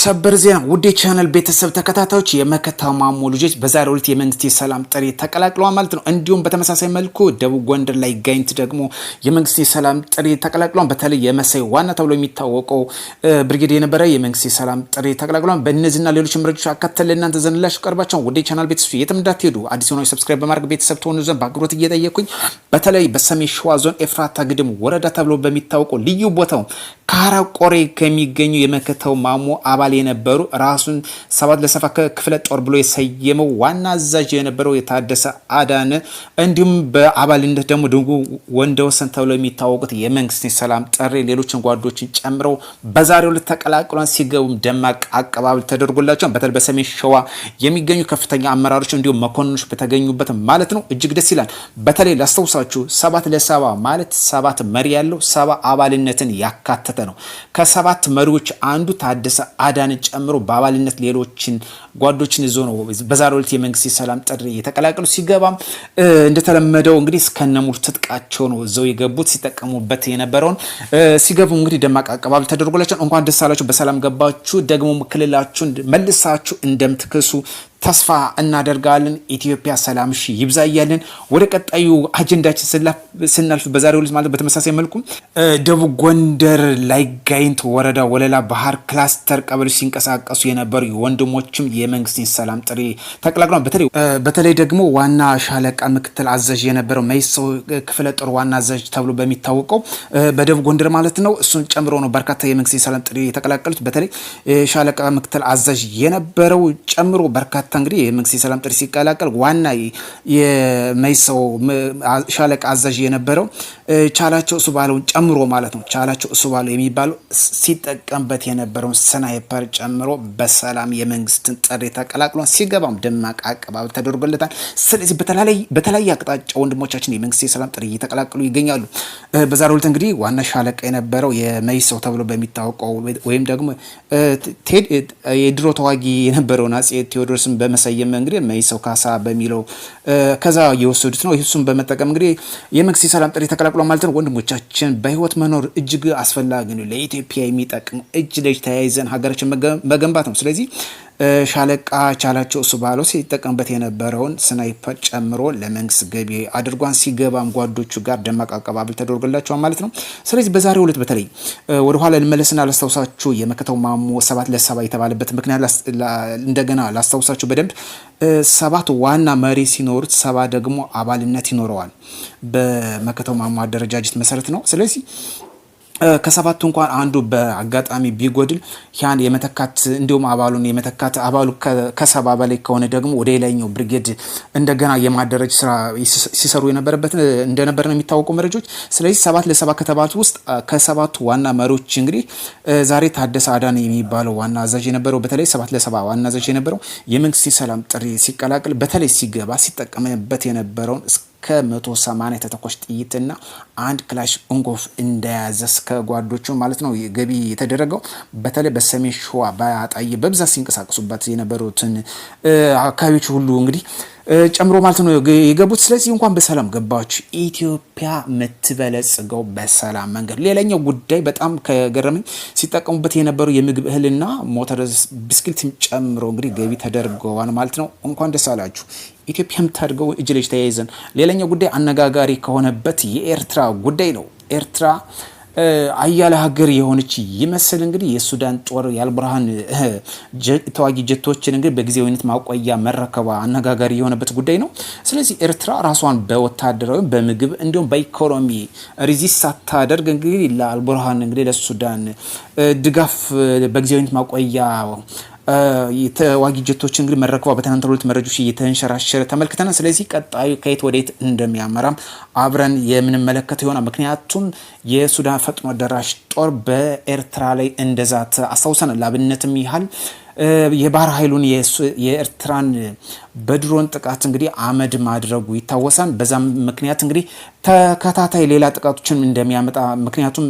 ሰበር ዜና ውዴ ቻነል ቤተሰብ ተከታታዮች የመከታ ማሞ ልጆች በዛሬው ዕለት የመንግስት የሰላም ጥሪ ተቀላቅለዋል ማለት ነው። እንዲሁም በተመሳሳይ መልኩ ደቡብ ጎንደር ላይ ጋይንት ደግሞ የመንግስት የሰላም ጥሪ ተቀላቅለዋል። በተለይ የመሳይ ዋና ተብሎ የሚታወቀው ብርጌድ የነበረ የመንግስት የሰላም ጥሪ ተቀላቅለዋል። በእነዚህና ሌሎች መረጃዎች አካተል ለእናንተ ዘንላሽ ቀርባቸው ውዴ ቻናል ቤተሰብ የትም እንዳትሄዱ አዲስ ሆኖ ሰብስክራይብ በማድረግ ቤተሰብ ተሆኑ ዘንድ በአክብሮት እየጠየኩኝ በተለይ በሰሜን ሸዋ ዞን ኤፍራታ ግድም ወረዳ ተብሎ በሚታወቀው ልዩ ቦታው ካራቆሬ ከሚገኙ የመከታው ማሞ አባል የነበሩ ራሱን ሰባት ለሰፋ ክፍለ ጦር ብሎ የሰየመው ዋና አዛዥ የነበረው የታደሰ አዳነ እንዲሁም በአባልነት ደግሞ ድንጉ ወንደወሰን ተብለው የሚታወቁት የመንግስት ሰላም ጥሪ ሌሎችን ጓዶችን ጨምረው በዛሬው ዕለት ተቀላቅሏን ሲገቡም ደማቅ አቀባበል ተደርጎላቸው በተለይ በሰሜን ሸዋ የሚገኙ ከፍተኛ አመራሮች እንዲሁም መኮንኖች በተገኙበት ማለት ነው። እጅግ ደስ ይላል። በተለይ ላስታውሳችሁ ሰባት ለሰባ ማለት ሰባት መሪ ያለው ሰባ አባልነትን ያካተተ ነው። ከሰባት መሪዎች አንዱ ታደሰ አዳንን ጨምሮ በአባልነት ሌሎችን ጓዶችን ይዞ ነው በዛሬው ዕለት የመንግስት የሰላም ጥሪ የተቀላቀሉ። ሲገባም እንደተለመደው እንግዲህ እስከነሙሉ ትጥቃቸው ነው እዘው የገቡት ሲጠቀሙበት የነበረውን። ሲገቡ እንግዲህ ደማቅ አቀባበል ተደርጎላቸው እንኳን ደስ አላችሁ በሰላም ገባችሁ ደግሞ ክልላችሁን መልሳችሁ እንደምትክሱ ተስፋ እናደርጋለን። ኢትዮጵያ ሰላም ሺ ይብዛ እያለን ወደ ቀጣዩ አጀንዳችን ስናልፍ በዛሬ ዕለት ማለት በተመሳሳይ መልኩ ደቡብ ጎንደር ላይ ጋይንት ወረዳ ወለላ ባህር ክላስተር ቀበሌዎች ሲንቀሳቀሱ የነበሩ ወንድሞችም የመንግስትን ሰላም ጥሪ ተቀላቅሏል። በተለይ ደግሞ ዋና ሻለቃ ምክትል አዛዥ የነበረው መይሰው ክፍለ ጦር ዋና አዛዥ ተብሎ በሚታወቀው በደቡብ ጎንደር ማለት ነው እሱን ጨምሮ ነው በርካታ የመንግስትን ሰላም ጥሪ የተቀላቀሉት። በተለይ ሻለቃ ምክትል አዛዥ የነበረው ጨምሮ በርካታ ቀጥታ እንግዲህ የመንግስት የሰላም ጥሪ ሲቀላቀል ዋና የመይሰው ሻለቃ አዛዥ የነበረው ቻላቸው እሱ ባለውን ጨምሮ ማለት ነው። ቻላቸው እሱ ባለው የሚባለው ሲጠቀምበት የነበረውን ስናይፐር ጨምሮ በሰላም የመንግስትን ጥሪ ተቀላቅሏል። ሲገባም ደማቅ አቀባበል ተደርጎለታል። ስለዚህ በተለያየ አቅጣጫ ወንድሞቻችን የመንግስት የሰላም ጥሪ እየተቀላቀሉ ይገኛሉ። በዛሬው ዕለት እንግዲህ ዋና ሻለቃ የነበረው የመይሰው ተብሎ በሚታወቀው ወይም ደግሞ የድሮ ተዋጊ የነበረውን አጼ ቴዎድሮስን በመሰየም እንግዲህ መይሰው ካሳ በሚለው ከዛ የወሰዱት ነው። እሱን በመጠቀም እንግዲህ የመንግስት የሰላም ጥሪ ተቀላቅሏል። ተቀላቅሏል ማለት ነው። ወንድሞቻችን በህይወት መኖር እጅግ አስፈላጊ ነው። ለኢትዮጵያ የሚጠቅም እጅ ለእጅ ተያይዘን ሀገራችን መገንባት ነው። ስለዚህ ሻለቃ ቻላቸው ሱባሎ ሲጠቀምበት የነበረውን ስናይፐር ጨምሮ ለመንግስት ገቢ አድርጓን ሲገባም ጓዶቹ ጋር ደማቅ አቀባበል ተደርጎላቸዋል ማለት ነው። ስለዚህ በዛሬው ዕለት በተለይ ወደኋላ ልመለስና ላስታውሳችሁ የመከተው ማሞ ሰባት ለሰባ የተባለበት ምክንያት እንደገና ላስታውሳችሁ በደንብ ሰባት ዋና መሪ ሲኖሩት ሰባ ደግሞ አባልነት ይኖረዋል። በመከተው ማሞ አደረጃጀት መሰረት ነው። ስለዚህ ከሰባቱ እንኳን አንዱ በአጋጣሚ ቢጎድል ያን የመተካት እንዲሁም አባሉን የመተካት አባሉ ከሰባ በላይ ከሆነ ደግሞ ወደ ሌላኛው ብርጌድ እንደገና የማደረጅ ስራ ሲሰሩ የነበረበት እንደነበር ነው የሚታወቁ መረጃዎች። ስለዚህ ሰባት ለሰባ ከተባሉት ውስጥ ከሰባቱ ዋና መሪዎች እንግዲህ ዛሬ ታደሰ አዳን የሚባለው ዋና አዛዥ የነበረው በተለይ ሰባት ለሰባ ዋና አዛዥ የነበረው የመንግስት የሰላም ጥሪ ሲቀላቅል በተለይ ሲገባ ሲጠቀምበት የነበረውን ከ180 የተተኮስ ጥይትና አንድ ክላሽ እንጎፍ እንደያዘ እስከ ጓዶቹ ማለት ነው ገቢ የተደረገው። በተለይ በሰሜን ሸዋ በአጣዬ በብዛት ሲንቀሳቀሱበት የነበሩትን አካባቢዎች ሁሉ እንግዲህ ጨምሮ ማለት ነው የገቡት። ስለዚህ እንኳን በሰላም ገባች ኢትዮጵያ የምትበለጽገው በሰላም መንገድ። ሌላኛው ጉዳይ በጣም ከገረመኝ ሲጠቀሙበት የነበሩ የምግብ እህልና ሞተር ብስክሌትም ጨምሮ እንግዲህ ገቢ ተደርገዋል ማለት ነው። እንኳን ደስ አላችሁ ኢትዮጵያ የምታድገው እጅ ለጅ ተያይዘን። ሌላኛው ጉዳይ አነጋጋሪ ከሆነበት የኤርትራ ጉዳይ ነው። ኤርትራ አያለ ሀገር የሆነች ይመስል እንግዲህ የሱዳን ጦር የአልብርሃን ተዋጊ ጀቶችን እንግዲህ በጊዜያዊነት ማቆያ መረከቧ አነጋጋሪ የሆነበት ጉዳይ ነው። ስለዚህ ኤርትራ ራሷን በወታደራዊ በምግብ እንዲሁም በኢኮኖሚ ሪዚስት ሳታደርግ እንግዲህ ለአልቡርሃን እንግዲህ ለሱዳን ድጋፍ በጊዜያዊነት ማቆያ ተዋጊ ጀቶች እንግዲህ መረከቧ በትናንት ዕለት መረጃዎች እየተንሸራሸረ ተመልክተናል። ስለዚህ ቀጣዩ ከየት ወደየት እንደሚያመራም አብረን የምንመለከተው ይሆናል። ምክንያቱም የሱዳን ፈጥኖ ደራሽ ጦር በኤርትራ ላይ እንደዛት አስታውሰናል። ላብነትም ያህል የባህር ኃይሉን የኤርትራን በድሮን ጥቃት እንግዲህ አመድ ማድረጉ ይታወሳል። በዛም ምክንያት እንግዲህ ተከታታይ ሌላ ጥቃቶችን እንደሚያመጣ ምክንያቱም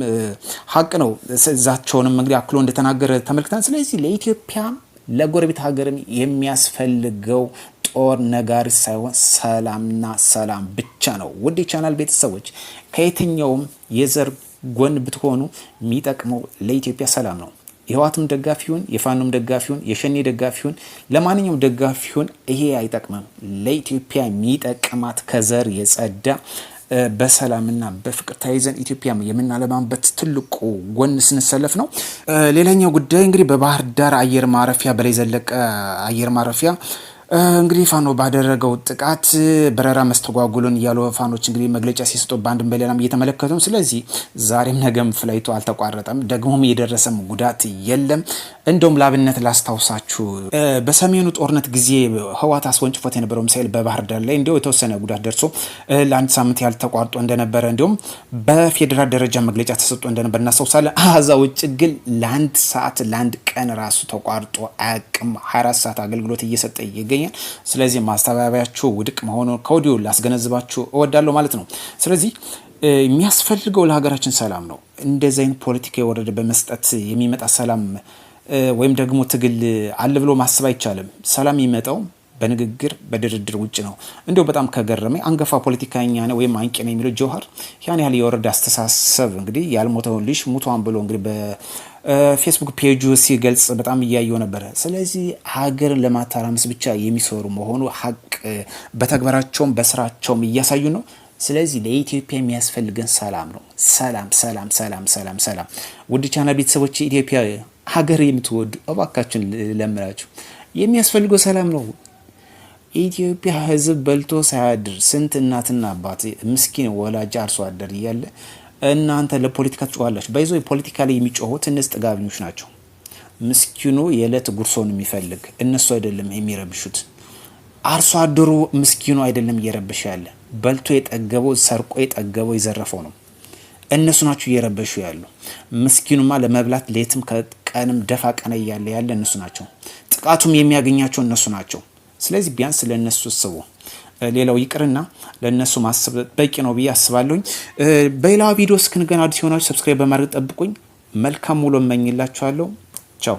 ሀቅ ነው። እዛቸውንም እንግዲህ አክሎ እንደተናገረ ተመልክተን ስለዚህ ለኢትዮጵያ ለጎረቤት ሀገርም የሚያስፈልገው ጦር ነጋሪ ሳይሆን ሰላምና ሰላም ብቻ ነው። ውድ ቻናል ቤተሰቦች ከየትኛውም የዘር ጎን ብትሆኑ የሚጠቅመው ለኢትዮጵያ ሰላም ነው። የህዋትም ደጋፊውን፣ የፋኖም ደጋፊውን፣ የሸኔ ደጋፊውን፣ ለማንኛውም ደጋፊውን ይሄ አይጠቅምም። ለኢትዮጵያ የሚጠቅማት ከዘር የጸዳ በሰላምና በፍቅር ተያይዘን ኢትዮጵያ የምናለማበት ትልቁ ጎን ስንሰለፍ ነው። ሌላኛው ጉዳይ እንግዲህ በባህር ዳር አየር ማረፊያ በላይ ዘለቀ አየር ማረፊያ እንግዲህ ፋኖ ባደረገው ጥቃት በረራ መስተጓጉሉን እያሉ ፋኖች እንግዲህ መግለጫ ሲሰጡ በአንድም በሌላም እየተመለከቱም። ስለዚህ ዛሬም ነገም ፍላይቱ አልተቋረጠም፣ ደግሞም የደረሰም ጉዳት የለም። እንደውም ላብነት ላስታውሳችሁ በሰሜኑ ጦርነት ጊዜ ህዋት አስወንጭፎት የነበረው ሚሳኤል በባህር ዳር ላይ እንዲሁ የተወሰነ ጉዳት ደርሶ ለአንድ ሳምንት ያህል ተቋርጦ እንደነበረ እንዲሁም በፌዴራል ደረጃ መግለጫ ተሰጥቶ እንደነበር እናስታውሳለን። አዛ ውጭ ግን ለአንድ ሰዓት ለአንድ ቀን ራሱ ተቋርጦ አያውቅም። 24 ሰዓት አገልግሎት እየሰጠ ይገኛል። ስለዚህ ማስተባበያቸው ውድቅ መሆኑን ከወዲሁ ላስገነዝባችሁ እወዳለሁ ማለት ነው። ስለዚህ የሚያስፈልገው ለሀገራችን ሰላም ነው። እንደዚህ አይነት ፖለቲካ የወረደ በመስጠት የሚመጣ ሰላም ወይም ደግሞ ትግል አለ ብሎ ማሰብ አይቻልም። ሰላም የሚመጣው በንግግር በድርድር ውጭ ነው። እንዲሁ በጣም ከገረመ አንገፋ ፖለቲካኛ ነ ወይም አንቂ ነው የሚለው ጆሀር ያን ያህል የወረደ አስተሳሰብ እንግዲህ ያልሞተውን ልጅ ሙቷን ብሎ እንግዲህ ፌስቡክ ፔጁ ሲገልጽ በጣም እያየው ነበረ። ስለዚህ ሀገርን ለማተራመስ ብቻ የሚሰሩ መሆኑ ሀቅ በተግባራቸውም በስራቸውም እያሳዩ ነው። ስለዚህ ለኢትዮጵያ የሚያስፈልገን ሰላም ነው። ሰላም ሰላም ሰላም ሰላም ሰላም። ውድ ቻና ቤተሰቦች ኢትዮጵያ ሀገር የምትወዱ እባካችን ለምላችሁ የሚያስፈልገው ሰላም ነው። ኢትዮጵያ ሕዝብ በልቶ ሳያድር ስንት እናትና አባት ምስኪን ወላጅ አርሶ አደር እያለ እናንተ ለፖለቲካ ትጮኋላችሁ። በይዞ የፖለቲካ ላይ የሚጮሁት እነዚህ ጥጋብኞች ናቸው። ምስኪኑ የዕለት ጉርሶን የሚፈልግ እነሱ አይደለም የሚረብሹት። አርሶ አደሩ ምስኪኑ አይደለም እየረበሸ ያለ በልቶ የጠገበው ሰርቆ የጠገበው የዘረፈው ነው። እነሱ ናቸው እየረበሹ ያሉ። ምስኪኑማ ለመብላት ሌትም ከቀንም ደፋ ቀና እያለ ያለ እነሱ ናቸው። ጥቃቱም የሚያገኛቸው እነሱ ናቸው። ስለዚህ ቢያንስ ለእነሱ ስቡ። ሌላው ይቅርና ለእነሱ ማሰብ በቂ ነው ብዬ አስባለሁኝ። በሌላ ቪዲዮ እስክንገና አዲስ የሆናችሁ ሰብስክራይብ በማድረግ ጠብቁኝ። መልካም ውሎ እመኝላችኋለሁ። ቻው